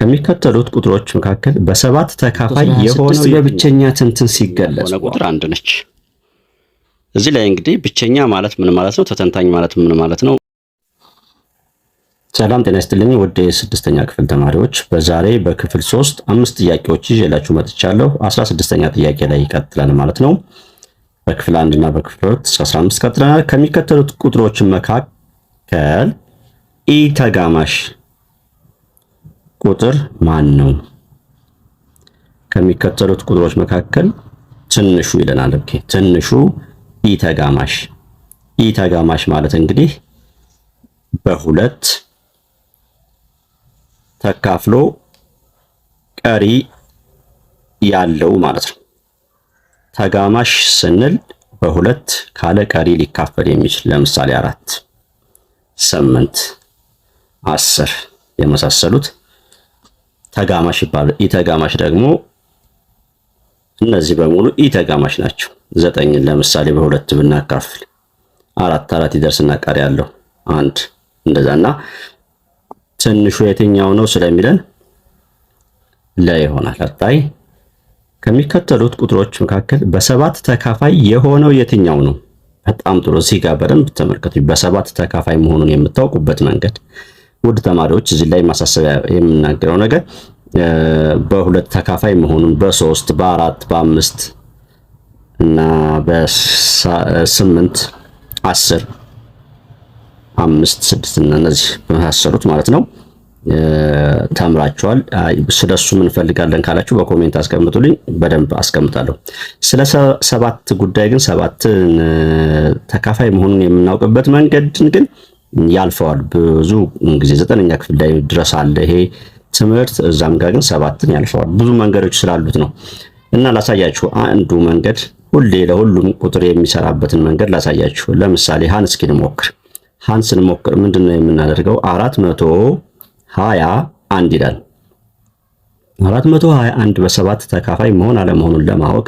ከሚከተሉት ቁጥሮች መካከል በሰባት ተካፋይ የሆነው የብቸኛ ትንትን ሲገለጽ ቁጥር አንድ ነች። እዚህ ላይ እንግዲህ ብቸኛ ማለት ምን ማለት ነው? ተተንታኝ ማለት ምን ማለት ነው? ሰላም ጤና ይስጥልኝ ወደ ስድስተኛ ክፍል ተማሪዎች፣ በዛሬ በክፍል ሶስት አምስት ጥያቄዎች ይዤላችሁ መጥቻለሁ። አስራ ስድስተኛ ጥያቄ ላይ ይቀጥላል ማለት ነው። በክፍል አንድ እና በክፍል ሁለት አስራ አምስት ቀጥለናል። ከሚከተሉት ቁጥሮች መካከል ኢ ተጋማሽ ቁጥር ማን ነው? ከሚከተሉት ቁጥሮች መካከል ትንሹ ይለናል። ልክ ትንሹ ኢ ተጋማሽ። ማለት እንግዲህ በሁለት ተካፍሎ ቀሪ ያለው ማለት ነው። ተጋማሽ ስንል በሁለት ካለ ቀሪ ሊካፈል የሚችል ለምሳሌ አራት፣ ስምንት፣ አስር የመሳሰሉት ተጋማሽ ይባላል። ኢተጋማሽ ደግሞ እነዚህ በሙሉ ኢ ተጋማሽ ናቸው። ዘጠኝን ለምሳሌ በሁለት ብናካፍል አራት አራት ይደርስና ቀሪ ያለው አንድ እንደዛና ትንሹ የትኛው ነው ስለሚለን ለ ይሆናል። አጣይ ከሚከተሉት ቁጥሮች መካከል በሰባት ተካፋይ የሆነው የትኛው ነው? በጣም ጥሩ። እዚህ ጋር በደንብ ተመልከቱ። በሰባት ተካፋይ መሆኑን የምታውቁበት መንገድ ውድ ተማሪዎች፣ እዚህ ላይ ማሳሰቢያ የምናገረው ነገር በሁለት ተካፋይ መሆኑን በሶስት በአራት በአምስት እና በስምንት አስር አምስት ስድስት እና እነዚህ በመሳሰሉት ማለት ነው ተምራችኋል። ስለሱ ምን እንፈልጋለን ካላችሁ በኮሜንት አስቀምጡልኝ፣ በደንብ አስቀምጣለሁ። ስለ ሰባት ጉዳይ ግን ሰባትን ተካፋይ መሆኑን የምናውቅበት መንገድን ግን ያልፈዋል። ብዙ ጊዜ ዘጠነኛ ክፍል ላይ ድረስ አለ ይሄ ትምህርት እዛም ጋር ግን ሰባትን ያልፈዋል። ብዙ መንገዶች ስላሉት ነው እና ላሳያችሁ አንዱ መንገድ ሁሌ ለሁሉም ቁጥር የሚሰራበትን መንገድ ላሳያችሁ። ለምሳሌ ሀን እስኪ ሞክር ሀን ስንሞክር ምንድን ነው የምናደርገው? አራት መቶ ሀያ አንድ ይላል። አራት መቶ ሀያ አንድ በሰባት ተካፋይ መሆን አለመሆኑን ለማወቅ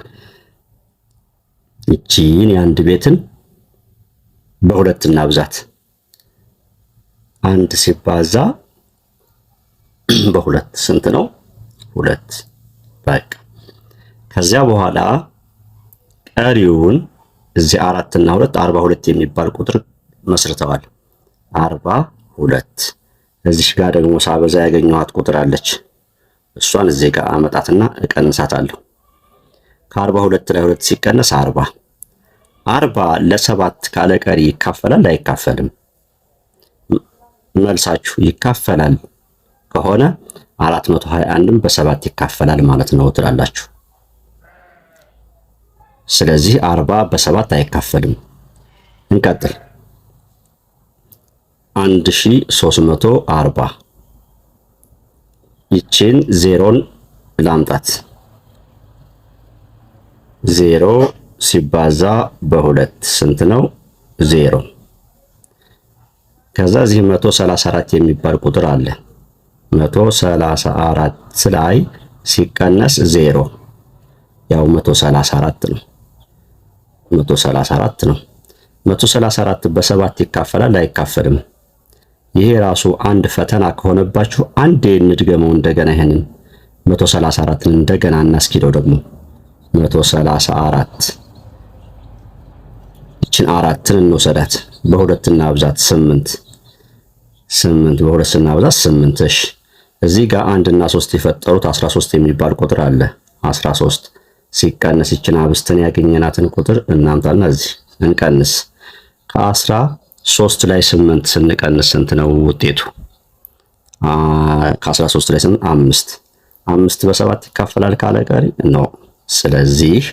ይቺን የአንድ ቤትን በሁለት እናብዛት። አንድ ሲባዛ በሁለት ስንት ነው? ሁለት በቅ ከዚያ በኋላ ቀሪውን እዚህ አራት እና ሁለት አርባ ሁለት የሚባል ቁጥር መስርተዋል። አርባ ሁለት እዚህ ጋር ደግሞ ሳበዛ ያገኘኋት ቁጥር አለች። እሷን እዚህ ጋር አመጣትና እቀንሳታለሁ። ከአርባ ሁለት ላይ ሁለት ሲቀነስ አርባ አርባ ለሰባት ካለ ቀሪ ይካፈላል አይካፈልም? መልሳችሁ ይካፈላል። ከሆነ 421ም በሰባት ይካፈላል ማለት ነው ትላላችሁ። ስለዚህ አርባ በሰባት አይካፈልም። እንቀጥል። 1340 ይችን ዜሮን ላምጣት። ዜሮ ሲባዛ በሁለት ስንት ነው? ዜሮ። ከዛ እዚህ 134 የሚባል ቁጥር አለ። 134 ላይ ሲቀነስ ዜሮ ያው 134 ነው። 134 ነው። 134 በሰባት ይካፈላል አይካፈልም? ይሄ ራሱ አንድ ፈተና ከሆነባችሁ አንዴ እንድገመው እንደገና ይሄንን 134ን እንደገና እናስኪደው ደግሞ 134 ይችን አራትን እንወሰዳት በሁለትና ብዛት ስምንት ስምንት በሁለት ስናብዛት ስምንት እሺ እዚህ ጋር አንድ እና ሶስት የፈጠሩት 13 የሚባል ቁጥር አለ። 13 ሲቀነስ ይችን አብስትን ያገኘናትን ቁጥር እናምጣና እዚህ እንቀንስ። ከአስራ ሶስት ላይ 8 ስንቀንስ ስንት ነው ውጤቱ? ከ 13 ላይ ስምንት አምስት አምስት በሰባት ይካፈላል ካለ ቀሪ ኖ። ስለዚህ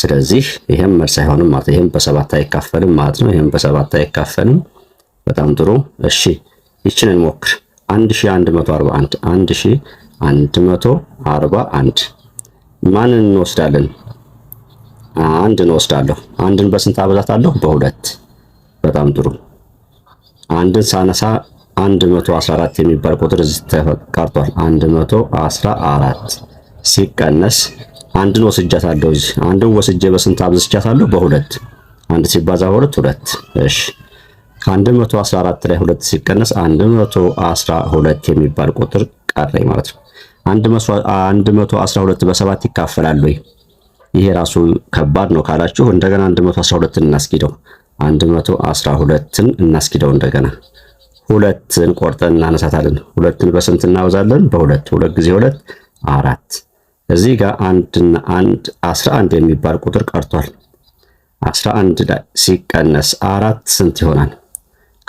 ስለዚህ ይሄም መልስ አይሆንም ማለት ይሄም በሰባት አይካፈልም ማለት ነው። ይሄም በሰባት አይካፈልም። በጣም ጥሩ እሺ፣ ይችን እንሞክር ማንን እንወስዳለን? አንድ እንወስዳለሁ። አንድን በስንት አበዛታለሁ? በሁለት። በጣም ጥሩ። አንድን ሳነሳ 114 የሚባል ቁጥር እዚህ ተቀርቷል። 114 ሲቀነስ አንድን ወስጃታለሁ። እዚህ አንድን ወስጄ በስንት አብዝቻታለሁ? በሁለት። አንድ ሲባዛ በሁለት ሁለት። እሺ 114 ላይ 2 ሲቀነስ 112 የሚባል ቁጥር ቀረኝ ማለት ነው። 112 በሰባት ይካፈላል ወይ? ይሄ ራሱ ከባድ ነው ካላችሁ እንደገና 112ን እናስኪደው 112ን እናስኪደው እንደገና ሁለትን ቆርጠን እናነሳታለን። ሁለትን በስንት እናበዛለን? በሁለት ሁለት ጊዜ ሁለት አራት። እዚህ ጋር አንድና አንድ 11 የሚባል ቁጥር ቀርቷል። 11 ላይ ሲቀነስ አራት ስንት ይሆናል?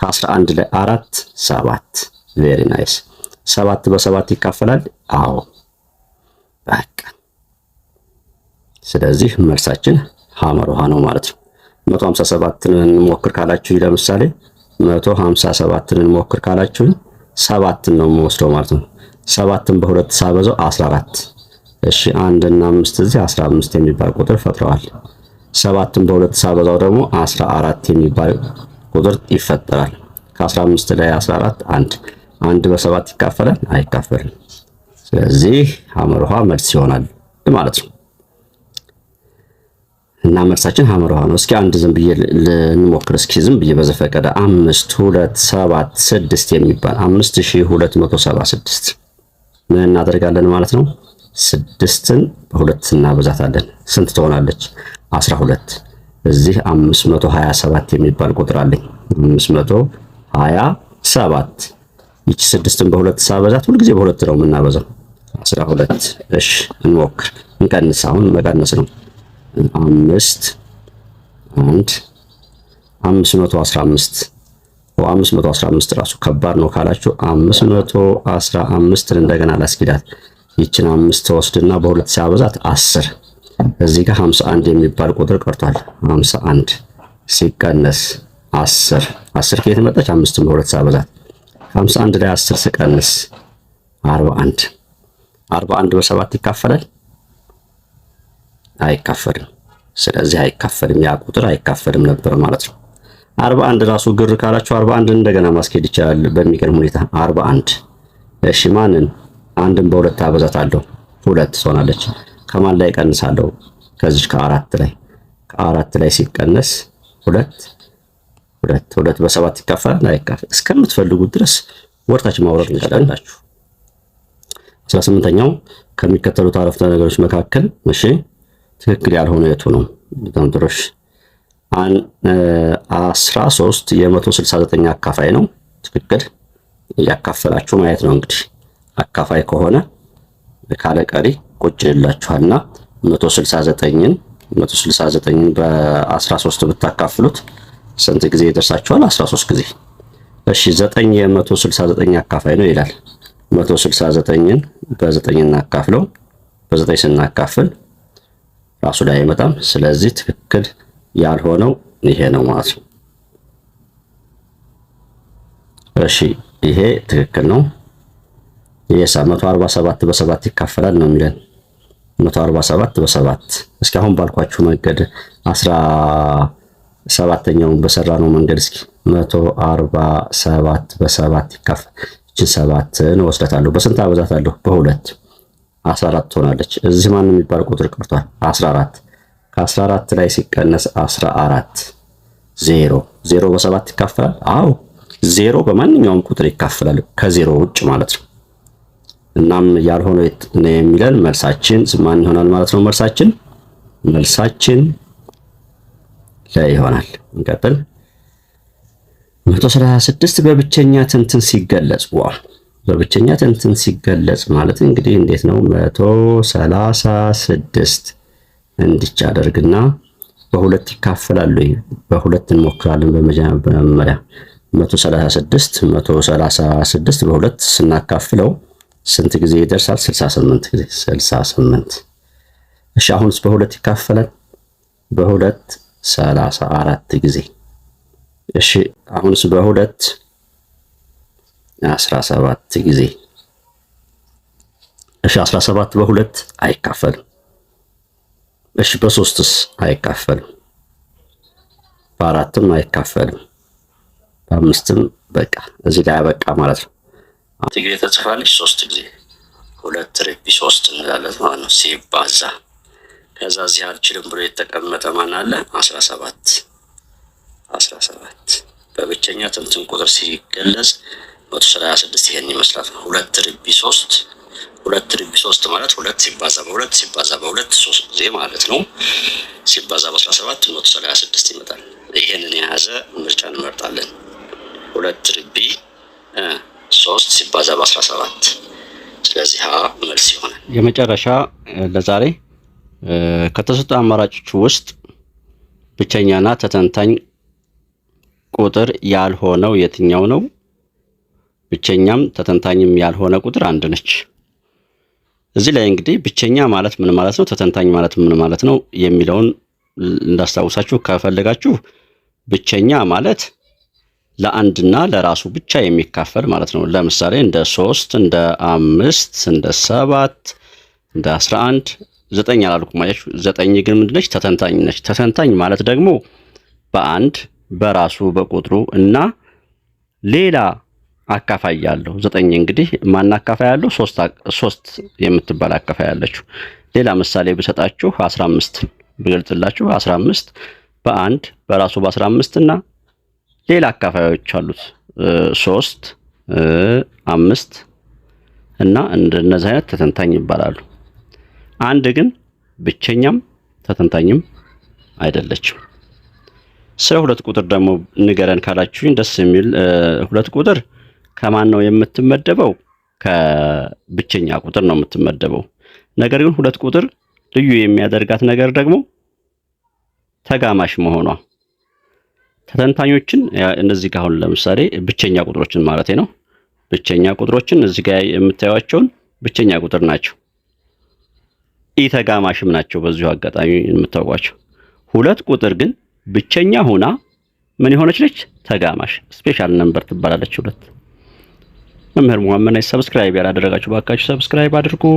ከ11 አራት ሰባት ቬሪ ናይስ። ሰባት በሰባት ይካፈላል። አዎ በቃ ስለዚህ መልሳችን ሐመር ውሃ ነው ማለት ነው። 157ን እንሞክር ካላችሁ ለምሳሌ 157ን እንሞክር ካላችሁ ሰባትን ነው የምወስደው ማለት ነው። ሰባትን በሁለት ሳበዛው 14። እሺ አንድ እና አምስት እዚህ 15 የሚባል ቁጥር ፈጥረዋል። ሰባትን በሁለት ሳበዛው ደግሞ 14 የሚባል ቁጥር ይፈጠራል። ከ15 ላይ 14 አንድ አንድ በሰባት ይካፈላል አይካፈልም። ስለዚህ ሐመር ውሃ መልስ ይሆናል ማለት ነው እና መልሳችን ሐመር ነው። እስኪ አንድ ዝም ብዬ ልንሞክር። እስኪ ዝም ብዬ በዘፈቀደ አምስት ሁለት ሰባት ስድስት የሚባል አምስት ሺህ ሁለት መቶ ሰባ ስድስት ምን እናደርጋለን ማለት ነው? ስድስትን በሁለት እናበዛታለን። ስንት ትሆናለች? አስራ ሁለት እዚህ 527 የሚባል ቁጥር አለኝ። 527 ይቺ ስድስትን በሁለት ሳበዛት ሁልጊዜ በሁለት ነው የምናበዛው። 12 እሺ፣ እንሞክር እንቀንስ። አሁን መቀነስ ነው። አምስት አንድ 515 515 ራሱ ከባድ ነው ካላችሁ 515 እንደገና ላስኪዳት ይችን አምስት ተወስድና በሁለት ሳበዛት 10 እዚህ ጋር 51 የሚባል ቁጥር ቀርቷል። 51 ሲቀነስ 10 10 ከየት መጣች? አምስትም በሁለት ሳበዛት 51 ላይ 10 ሲቀነስ 41 41 በሰባት ይካፈላል? አይካፈልም። ስለዚህ አይካፈልም፣ ያ ቁጥር አይካፈልም ነበር ማለት ነው። 41 ራሱ ግር ካላችሁ 41 እንደገና ማስኬድ ይቻላል በሚገርም ሁኔታ 41 እሺ፣ ማንን አንድን በሁለት አበዛት አለው ሁለት ትሆናለች። ከማን ላይ እቀንሳለሁ? ከዚች ከአራት ላይ ከአራት ላይ ሲቀነስ ሁለት ሁለት ሁለት በሰባት ይካፈላል አይካፈል እስከምትፈልጉት ድረስ ወርታች ማውረድ እንችላላችሁ። አስራ ስምንተኛው ከሚከተሉት አረፍተ ነገሮች መካከል እሺ ትክክል ያልሆነ የቱ ነው? በጣም ጥሩ እሺ። አስራ ሶስት የመቶ ስልሳ ዘጠኝ አካፋይ ነው። ትክክል እያካፈላችሁ ማየት ነው እንግዲህ አካፋይ ከሆነ ካለቀሪ ቁጭ ይላችኋልና 169ን 169ን በ13 ብታካፍሉት ስንት ጊዜ ይደርሳችኋል? 13 ጊዜ። እሺ 9 የ169 አካፋይ ነው ይላል። 169ን በ9 እናካፍለው። በ9 ስናካፍል ራሱ ላይ አይመጣም። ስለዚህ ትክክል ያልሆነው ይሄ ነው ማለት ነው። እሺ ይሄ ትክክል ነው። ይሄ 147 በ7 ይካፈላል ነው የሚለን 147 በሰባት እስኪ አሁን ባልኳችሁ መንገድ አስራ ሰባተኛውን በሰራ ነው መንገድ እስኪ 147 በሰባት ይካፈል እችን ሰባትን በስንታ በስንት አበዛታለሁ? በሁለት 14 ትሆናለች። እዚህ ማን የሚባል ቁጥር ቀርቷል። 14 ከ14 ላይ ሲቀነስ 14 ዜሮ ዜሮ በሰባት ይካፈላል። አዎ ዜሮ በማንኛውም ቁጥር ይካፈላል ከዜሮ ውጭ ማለት ነው። እናም ያልሆነው ነው የሚለን መልሳችን ማን ይሆናል ማለት ነው። መልሳችን መልሳችን ላይ ይሆናል። እንቀጥል። 136 በብቸኛ ትንትን ሲገለጽ ዋ በብቸኛ ትንትን ሲገለጽ ማለት እንግዲህ እንዴት ነው? 136 እንድቻ አደርግና በሁለት ይካፈላሉ። በሁለት እንሞክራለን። በመጀመሪያ 136 136 በሁለት ስናካፍለው ስንት ጊዜ ይደርሳል? 68 ጊዜ 68። እሺ አሁንስ በሁለት ይካፈላል? በሁለት 34 ጊዜ። እሺ አሁንስ በሁለት 17 ጊዜ። እሺ 17 በሁለት አይካፈልም። እሺ በሶስትስ አይካፈልም። በአራትም አይካፈልም። በአምስትም በቃ እዚህ ላይ አበቃ ማለት ነው። አንድ ጊዜ ተጽፋለች፣ ሶስት ጊዜ ሁለት ትርቢ ሶስት እንላለት ማለት ነው ሲባዛ። ከዛ እዚህ አልችልም ብሎ የተቀመጠ ማን አለ? አስራ ሰባት አስራ ሰባት በብቸኛ ትምትን ቁጥር ሲገለጽ መቶ ሰላሳ ስድስት ይሄን ይመስላል። ሁለት ርቢ ሶስት ሁለት ርቢ ሶስት ማለት ሁለት ሲባዛ በሁለት ሲባዛ በሁለት ሶስት ጊዜ ማለት ነው። ሲባዛ በአስራ ሰባት መቶ ሰላሳ ስድስት ይመጣል። ይሄንን የያዘ ምርጫ እንመርጣለን። ሁለት ርቢ ሶስት ሲባዛ በአስራ ሰባት ስለዚህ ሀ መልስ ይሆናል። የመጨረሻ ለዛሬ ከተሰጡ አማራጮች ውስጥ ብቸኛና ተተንታኝ ቁጥር ያልሆነው የትኛው ነው? ብቸኛም ተተንታኝም ያልሆነ ቁጥር አንድ ነች። እዚህ ላይ እንግዲህ ብቸኛ ማለት ምን ማለት ነው፣ ተተንታኝ ማለት ምን ማለት ነው የሚለውን እንዳስታውሳችሁ ከፈለጋችሁ ብቸኛ ማለት ለአንድና ለራሱ ብቻ የሚካፈል ማለት ነው። ለምሳሌ እንደ ሶስት እንደ አምስት እንደ ሰባት እንደ አስራ አንድ ዘጠኝ አላልኩም ማለች። ዘጠኝ ግን ምንድነች? ተተንታኝ ነች። ተተንታኝ ማለት ደግሞ በአንድ በራሱ በቁጥሩ እና ሌላ አካፋይ ያለው ዘጠኝ እንግዲህ ማን አካፋይ ያለው? ሶስት የምትባል አካፋይ ያለችው። ሌላ ምሳሌ ብሰጣችሁ አስራ አምስት ብገልጽላችሁ አስራ አምስት በአንድ በራሱ በአስራ አምስት እና ሌላ አካፋዮች አሉት ሶስት አምስት እና እንደነዚህ አይነት ተተንታኝ ይባላሉ። አንድ ግን ብቸኛም ተተንታኝም አይደለችም። ስለ ሁለት ቁጥር ደግሞ ንገረን ካላችሁኝ ደስ የሚል ሁለት ቁጥር ከማን ነው የምትመደበው? ከብቸኛ ቁጥር ነው የምትመደበው። ነገር ግን ሁለት ቁጥር ልዩ የሚያደርጋት ነገር ደግሞ ተጋማሽ መሆኗ ተተንታኞችን እነዚህ ጋር አሁን ለምሳሌ ብቸኛ ቁጥሮችን ማለት ነው። ብቸኛ ቁጥሮችን እዚህ ጋር የምታዩቸውን ብቸኛ ቁጥር ናቸው። ኢተጋማሽም ናቸው። በዚሁ አጋጣሚ የምታውቋቸው ሁለት ቁጥር ግን ብቸኛ ሆና ምን የሆነች ነች? ተጋማሽ ስፔሻል ነምበር ትባላለች። ሁለት መምህር መሐመድ ነኝ። ሰብስክራይብ ያላደረጋችሁ ባካችሁ ሰብስክራይብ አድርጉ።